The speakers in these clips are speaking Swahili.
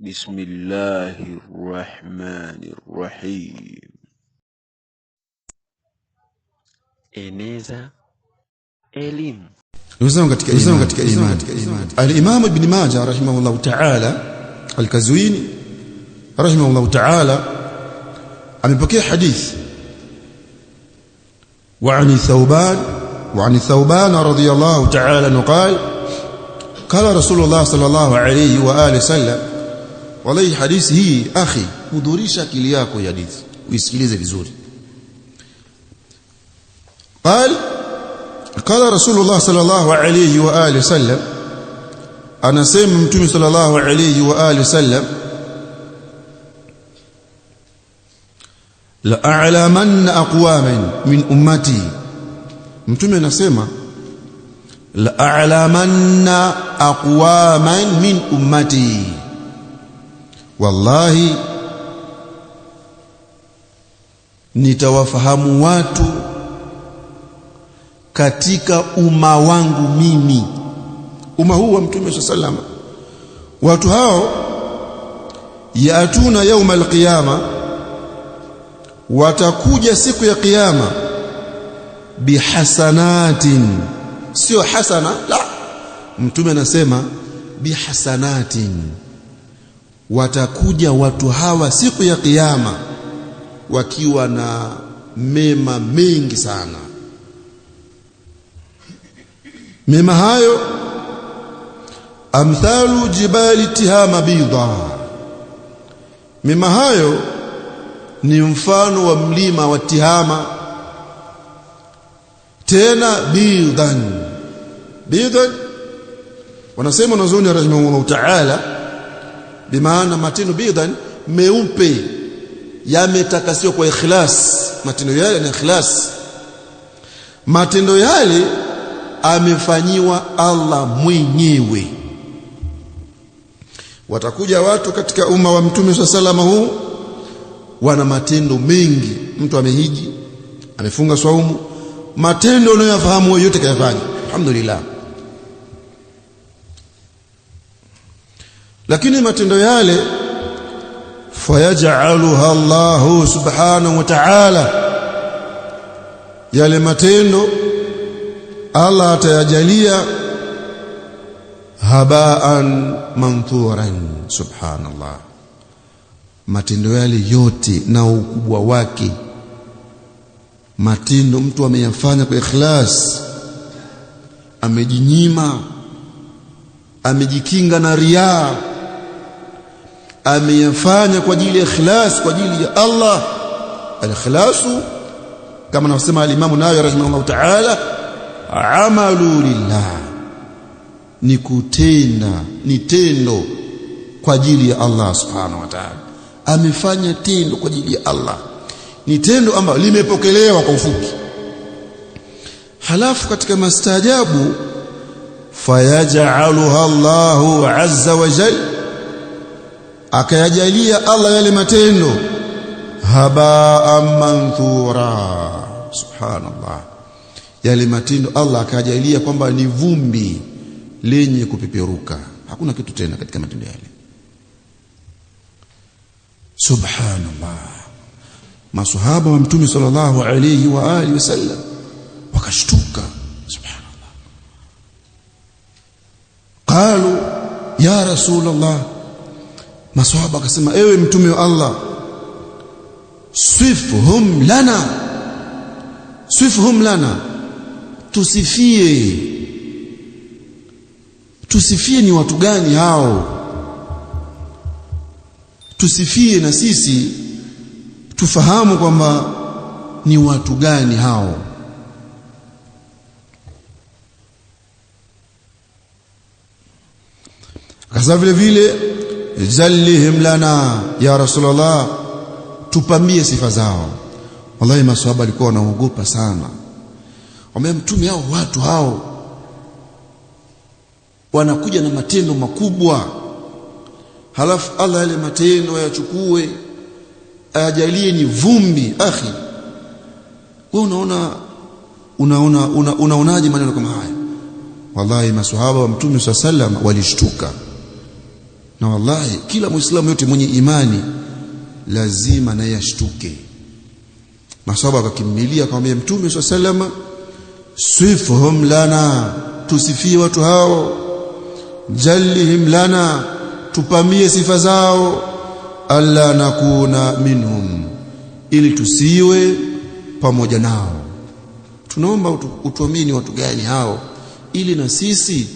بسم الله الرحمن الرحيم eneza elimu ndugu katika imani katika imani al-Imam Ibn Majah rahimahullah ta'ala al-Kazwini rahimahullah ta'ala amepokea hadithi وعن ثوبان وعن ثوبان رضي الله تعالى عنه قال قال رسول الله صلى الله عليه واله وسلم Walai حديث هي أخي kudurisha kili yako ya hadithi. Uisikilize قال قال رسول الله صلى الله عليه وآله وسلم أنا سيم ممتومي صلى الله عليه وآله وسلم لأعلمن أقواما من أمتي ممتومي أنا سيم لأعلمن أقواما من أمتي wallahi nitawafahamu watu katika umma wangu mimi, umma huu wa Mtume swalla salama. Watu hao yaatuna yauma alqiyama, watakuja siku ya Kiyama bihasanatin, sio hasana la Mtume anasema bihasanatin Watakuja watu hawa siku ya Kiyama wakiwa na mema mengi sana. Mema hayo amthalu jibali tihama bidha, mema hayo ni mfano wa mlima wa Tihama. Tena bidhan, bidhan wanasema wanazuoni rahimahullahu taala bimaana matinu bidan meupe yametakasiwa kwa ikhlas matendo yale ni ikhlas matendo yale amefanyiwa Allah mwenyewe watakuja watu katika umma wa mtume swalla salama huu wana matendo mengi mtu amehiji amefunga swaumu matendo unayoyafahamu yote kayafanya alhamdulillah lakini matendo yale fayaj'aluha Allahu subhanahu wa ta'ala yale matendo Allah atayajalia habaan manthuran subhanallah matendo yale yote na ukubwa wake matendo mtu ameyafanya kwa ikhlas amejinyima amejikinga na riaa ameyafanya kwa ajili ya ikhlas kwa ajili ya Allah al-ikhlasu kama anasema al-Imam Nawawi rahimahullah ta'ala amalu lillah ni kutenda ni tendo kwa ajili ya Allah subhanahu wa ta'ala amefanya tendo kwa ajili ya Allah ni tendo ambalo limepokelewa kwa ufupi halafu katika mastaajabu fayajaluha Allahu azza wa jalla akayajalia Allah yale matendo haba amanthura subhanallah yale matendo Allah akayajalia kwamba ni vumbi lenye kupeperuka hakuna kitu tena katika matendo yale subhanallah masuhaba wa mtume sallallahu alayhi wa alihi wasallam wakashtuka subhanallah qalu ya rasulullah Maswahaba akasema, ewe mtume wa Allah, swifhum lana, swifhum lana, tusifie tusifie, ni watu gani hao? Tusifie na sisi tufahamu kwamba ni watu gani hao. Akasema vile vile zallihim lana ya rasulullah tupambie sifa zao wallahi maswahaba walikuwa wanaogopa sana wamemtumia hao watu hao wanakuja na matendo makubwa halafu Allah yale matendo ayachukue ajalie ni vumbi akhi wewe unaona unaona unaonaje una, una maneno kama haya wallahi maswahaba wa mtume swalla sallam walishtuka na wallahi kila Muislamu yote mwenye imani lazima naye ashtuke. Masahaba wakakimbilia akamwambia Mtume swalla salama, swifhum lana, tusifie watu hao, jallihim lana, tupamie sifa zao, alla nakuna minhum, ili tusiwe pamoja nao. Tunaomba utuamini watu gani hao, ili na sisi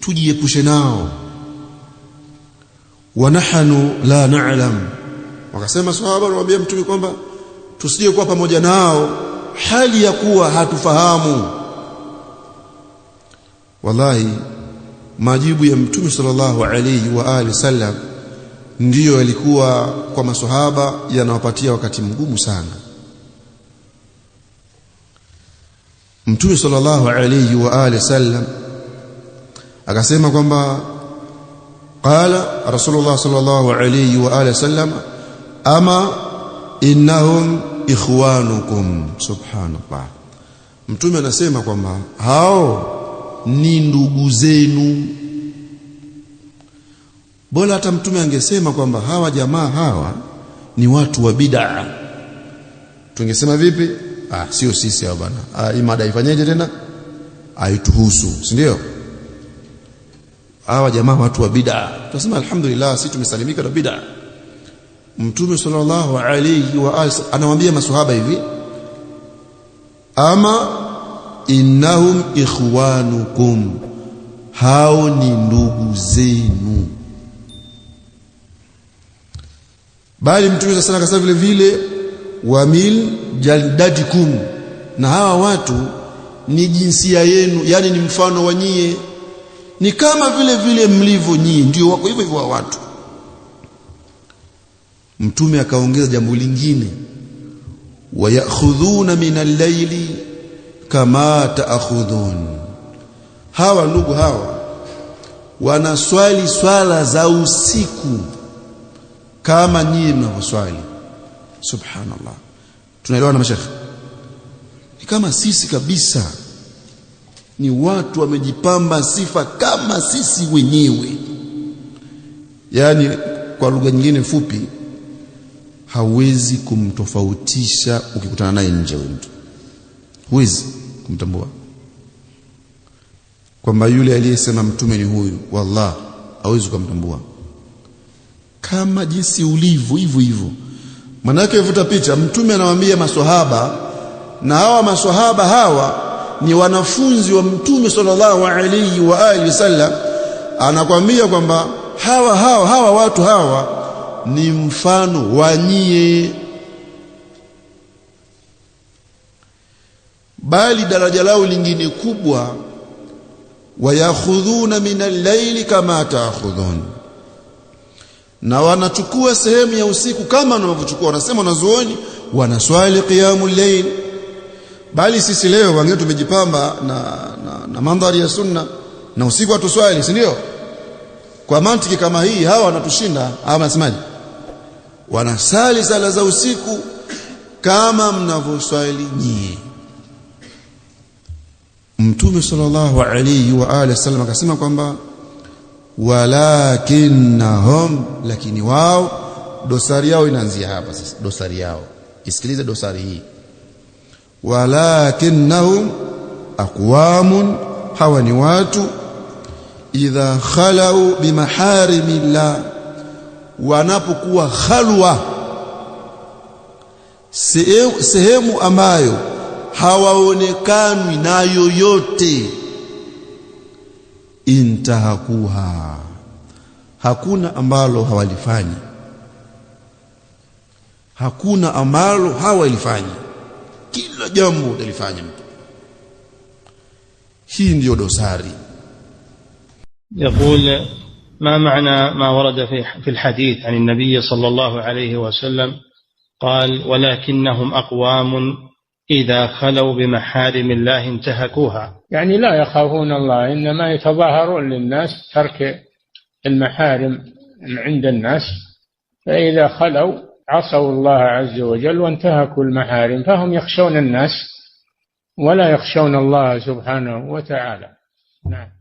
tujiepushe nao wa nahnu la na'lam. Wakasema sahaba wanamwambia mtume kwamba tusije kuwa pamoja nao hali ya kuwa hatufahamu. Wallahi, majibu ya mtume sallallahu alayhi wa alihi sallam ndiyo yalikuwa kwa maswahaba yanawapatia wakati mgumu sana. Mtume sallallahu alayhi wa alihi sallam akasema kwamba qala rasulullah sallallahu alayhi wa alihi wasallam ama innahum ikhwanukum subhanallah mtume anasema kwamba hao ni ndugu zenu bora hata mtume angesema kwamba hawa jamaa hawa ni watu wa bid'a tungesema vipi ah sio sisi hao bana ah, imada ifanyeje tena aituhusu si ndio hawa jamaa watu wa bid'a tunasema alhamdulillah sisi tumesalimika na bid'a mtume sallallahu alayhi wa alihi anawaambia maswahaba hivi ama innahum ikhwanukum hao ni ndugu zenu bali mtume sana kasema vile vile wamil jaldadikum na hawa watu ni jinsia yenu yani ni mfano wa nyie ni kama vile vile mlivyo nyinyi, ndio wako hivyo hivyo wa watu. Mtume akaongeza jambo lingine, wayakhudhuna min al kama taakhudhun. Hawa ndugu hawa wanaswali swala za usiku kama nyinyi mnavyoswali. Subhanallah, tunaelewana mashekhe? Ni kama sisi kabisa ni watu wamejipamba sifa kama sisi wenyewe, yaani kwa lugha nyingine fupi, hawezi kumtofautisha ukikutana naye nje, wewe mtu huwezi kumtambua kwamba yule aliyesema mtume ni huyu, wallah hawezi kumtambua kama jinsi ulivyo hivyo hivyo. Manake vuta picha, mtume anawaambia maswahaba na hawa maswahaba hawa ni wanafunzi wa mtume sallallahu alaihi wa alihi wasallam, anakwambia kwamba hawa hawa hawa watu hawa ni mfano wa nyie, bali daraja lao lingine kubwa, wayakhudhuna min al-laili kama taakhudhun, na wanachukua sehemu ya usiku kama wanavyochukua. Wanasema wanazuoni wanaswali qiyamul layl Bali sisi leo wengine tumejipamba na, na, na mandhari ya sunna na usiku hatuswali, si ndio? Kwa mantiki kama hii hawa wanatushinda. Hawa wanasemaje? Wanasali sala za usiku kama mnavyoswali nyie. Mtume sallallahu alayhi wa alihi wasallam akasema kwamba walakinnahum, lakini wao, dosari yao inaanzia hapa sasa. Dosari yao, isikilize dosari hii walakinnahum aqwamun, hawa ni watu idha khalau bimaharimillah, wanapokuwa khalwa sehemu ambayo hawaonekanwi na yoyote, intahakuha, hakuna ambalo hawalifanyi, hakuna ambalo hawalifanyi kila jambo utalifanya mtu. Hii ndiyo dosari. Yaqul ma maana ma warada fi lhadith an nabiy sallallahu alayhi wasallam qal walakinnahum aqwamun إذا خلوا بمحارم الله انتهكوها يعني لا يخافون الله إنما يتظاهرون للناس ترك المحارم عند الناس فإذا خلوا عصوا الله عز وجل وانتهكوا المحارم فهم يخشون الناس ولا يخشون الله سبحانه وتعالى نعم